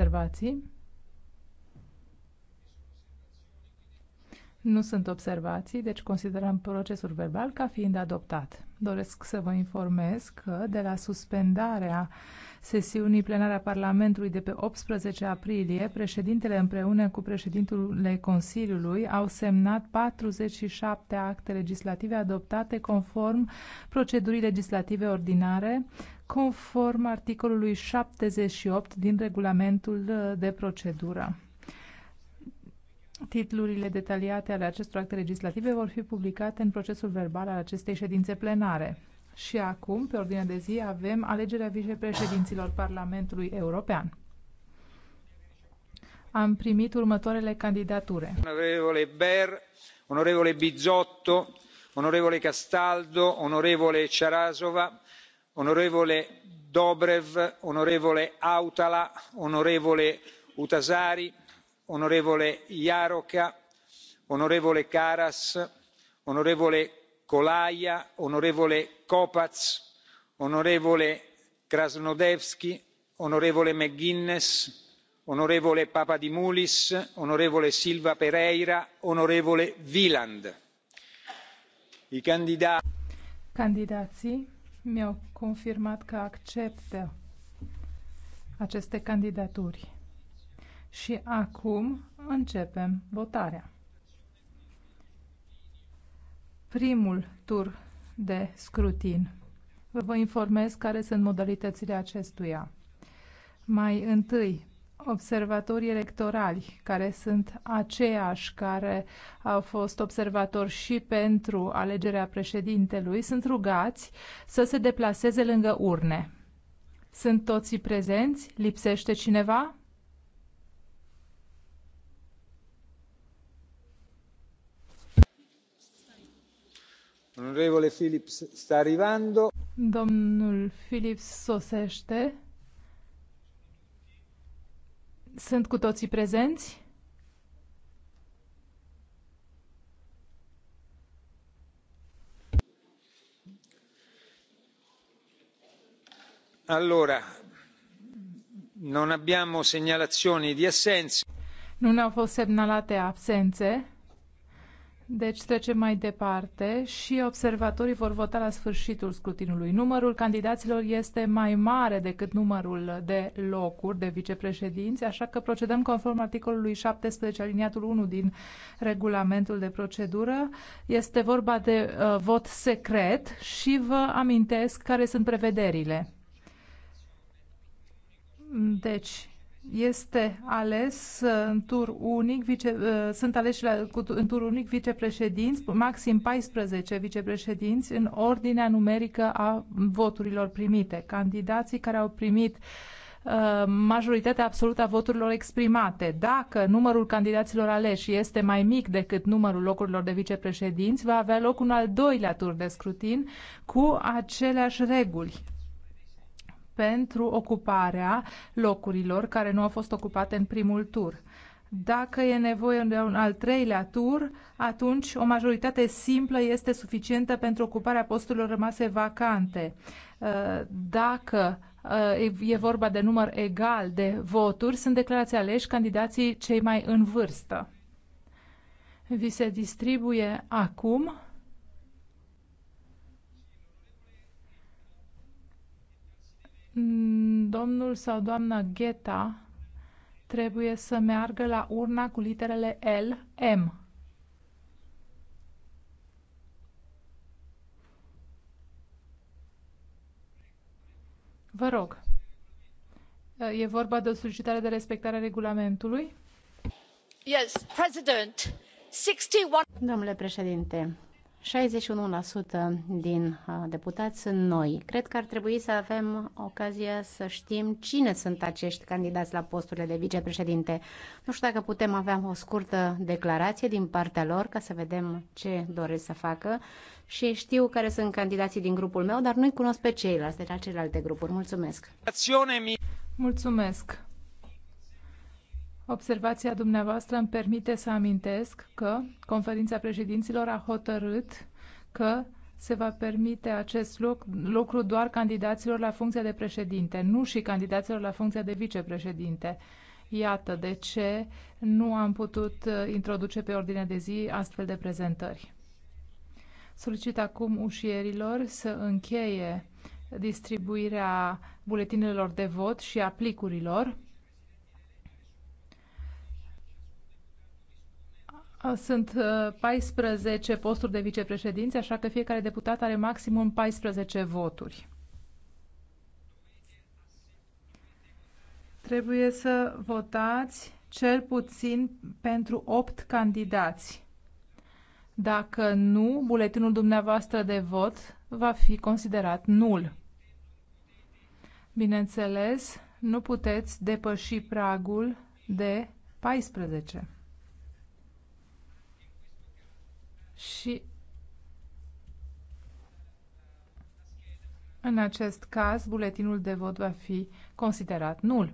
observații? Nu sunt observații, deci considerăm procesul verbal ca fiind adoptat. Doresc să vă informez că de la suspendarea sesiunii plenare a Parlamentului de pe 18 aprilie, președintele împreună cu președintele Consiliului au semnat 47 acte legislative adoptate conform procedurii legislative ordinare conform articolului 78 din regulamentul uh, de procedură. Titlurile detaliate ale acestor acte legislative vor fi publicate în procesul verbal al acestei ședințe plenare. Și acum, pe ordinea de zi, avem alegerea vicepreședinților Parlamentului European. Am primit următoarele candidature. Onorevole Ber, onorevole Bizotto, onorevole Castaldo, onorevole Cerasova, onorevole dobrev onorevole hautala onorevole huhtasaari onorevole jrka onorevole karas onorevole kolaja onorevole kopcs onorevole krasnodbski onorevole mcguinness onorevole papadimoulis onorevole silva pereira onorevole wieland. candidații mi-au confirmat că acceptă aceste candidaturi. Și acum începem votarea. Primul tur de scrutin. Vă, vă informez care sunt modalitățile acestuia. Mai întâi, observatorii electorali, care sunt aceiași care au fost observatori și pentru alegerea președintelui, sunt rugați să se deplaseze lângă urne. Sunt toți prezenți? Lipsește cineva? Philips sta arrivando. Domnul Philips sosește. Sunt cu toții prezenți? Allora, non abbiamo segnalazioni di assenze. Nu ho au fost semnalate absențe. Deci trecem mai departe și observatorii vor vota la sfârșitul scrutinului. Numărul candidaților este mai mare decât numărul de locuri de vicepreședinți, așa că procedăm conform articolului 17 aliniatul 1 din regulamentul de procedură. Este vorba de uh, vot secret și vă amintesc care sunt prevederile. Deci, este ales uh, în tur unic, vice, uh, sunt aleși la, în tur unic vicepreședinți, maxim 14 vicepreședinți în ordinea numerică a voturilor primite. Candidații care au primit uh, majoritatea absolută a voturilor exprimate. Dacă numărul candidaților aleși este mai mic decât numărul locurilor de vicepreședinți, va avea loc un al doilea tur de scrutin cu aceleași reguli pentru ocuparea locurilor care nu au fost ocupate în primul tur. Dacă e nevoie de un al treilea tur, atunci o majoritate simplă este suficientă pentru ocuparea posturilor rămase vacante. Uh, dacă uh, e vorba de număr egal de voturi, sunt declarați aleși candidații cei mai în vârstă. Vi se distribuie acum Mm, domnul sau doamna Gheta trebuie să meargă la urna cu literele L, M. Vă rog. E vorba de o solicitare de respectare a regulamentului? Yes, president. 61... Domnule președinte, 61% din deputați sunt noi. Cred că ar trebui să avem ocazia să știm cine sunt acești candidați la posturile de vicepreședinte. Nu știu dacă putem avea o scurtă declarație din partea lor ca să vedem ce doresc să facă și știu care sunt candidații din grupul meu, dar nu-i cunosc pe ceilalți de la celelalte grupuri. Mulțumesc! Mulțumesc! Observația dumneavoastră îmi permite să amintesc că conferința președinților a hotărât că se va permite acest lucru doar candidaților la funcția de președinte, nu și candidaților la funcția de vicepreședinte. Iată de ce nu am putut uh, introduce pe ordinea de zi astfel de prezentări. Solicit acum ușierilor să încheie distribuirea buletinelor de vot și aplicurilor. Sunt 14 uh, posturi de vicepreședinți, așa că fiecare deputat are maximum 14 voturi. Trebuie să votați cel puțin pentru 8 candidați. Dacă nu, buletinul dumneavoastră de vot va fi considerat nul. Bineînțeles, nu puteți depăși pragul de 14. și în acest caz buletinul de vot va fi considerat nul.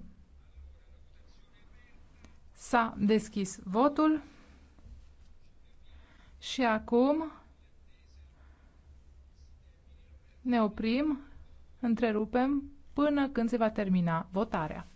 S-a deschis votul și acum ne oprim, întrerupem până când se va termina votarea.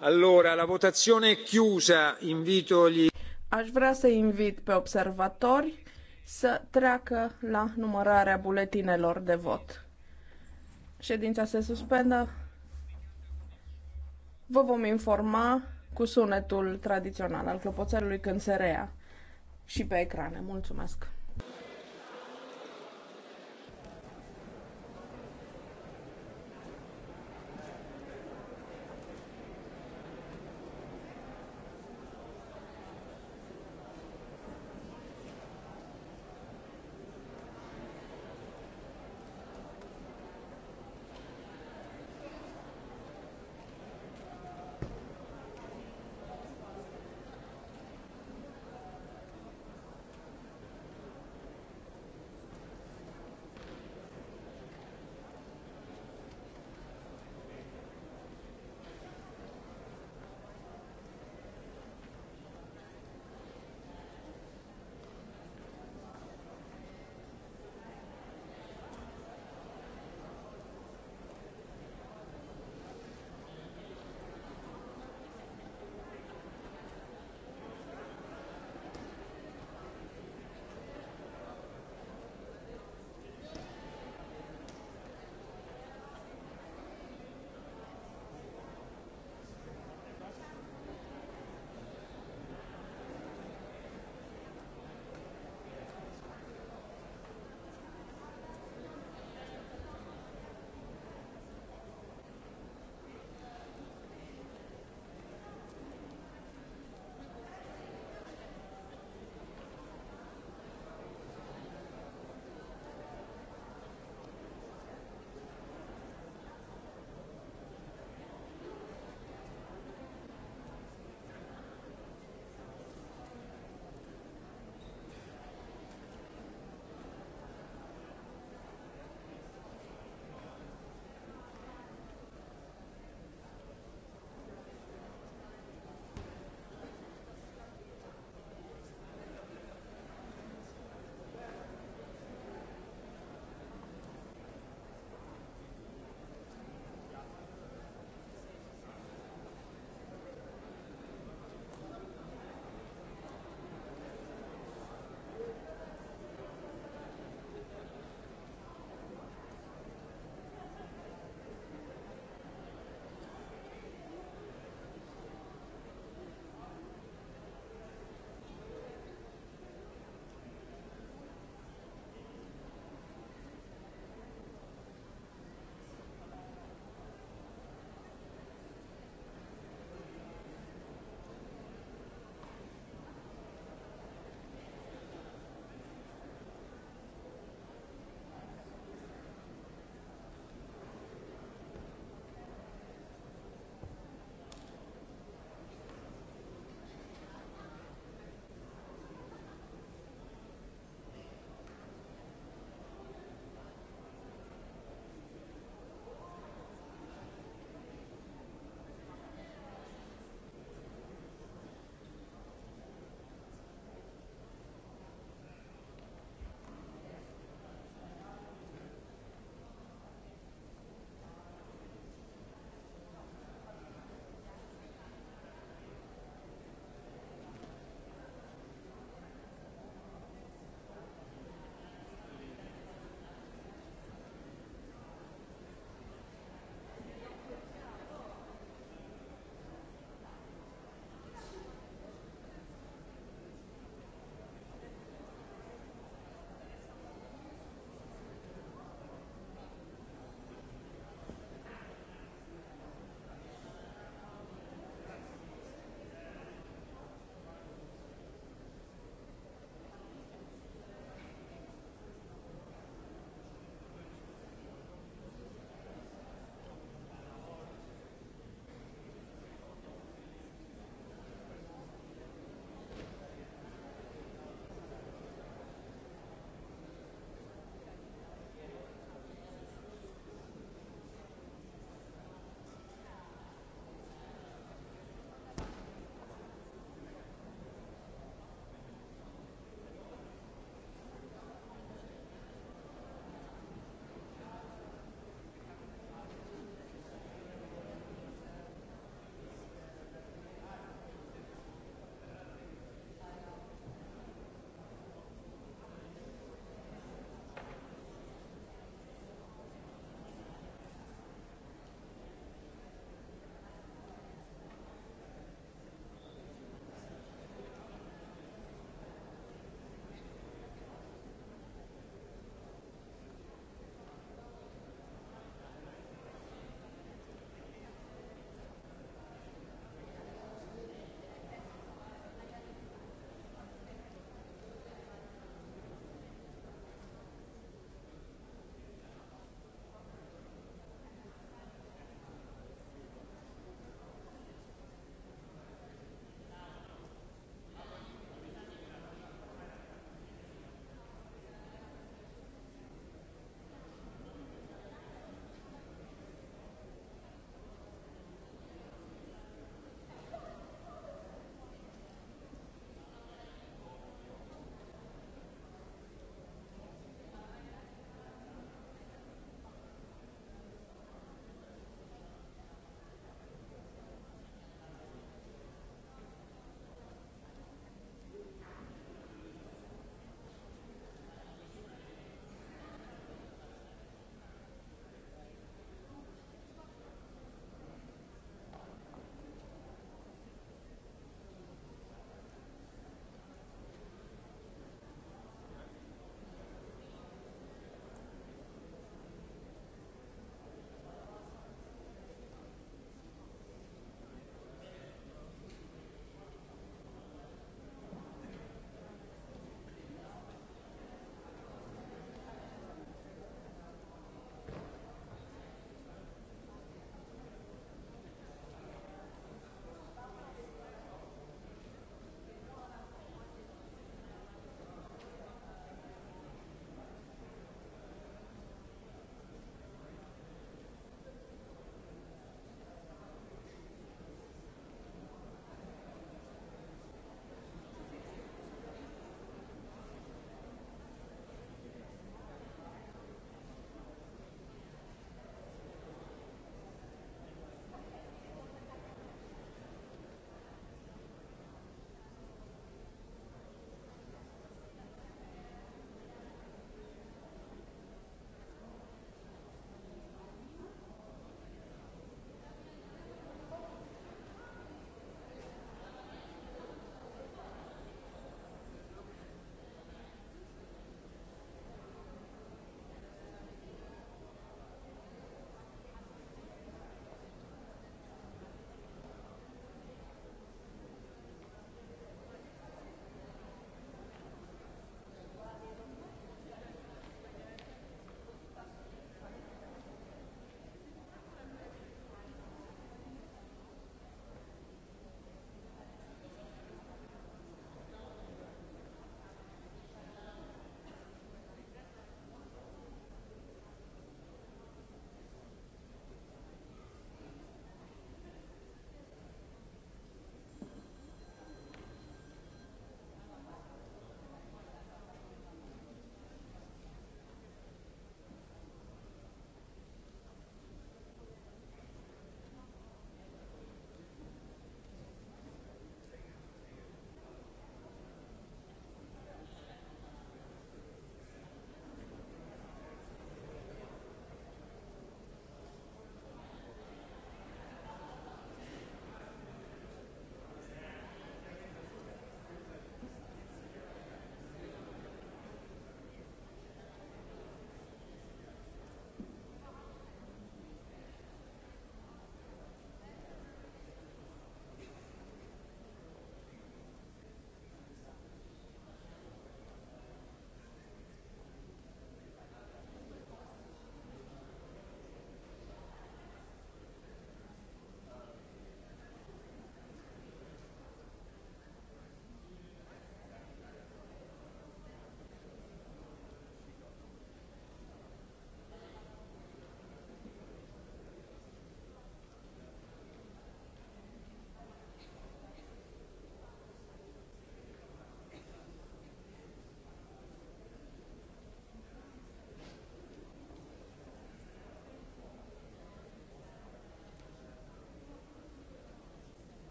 Allora, la Aș vrea să invit pe observatori să treacă la numărarea buletinelor de vot. Ședința se suspendă. Vă vom informa cu sunetul tradițional al clopoțelului când se reia și pe ecrane. Mulțumesc!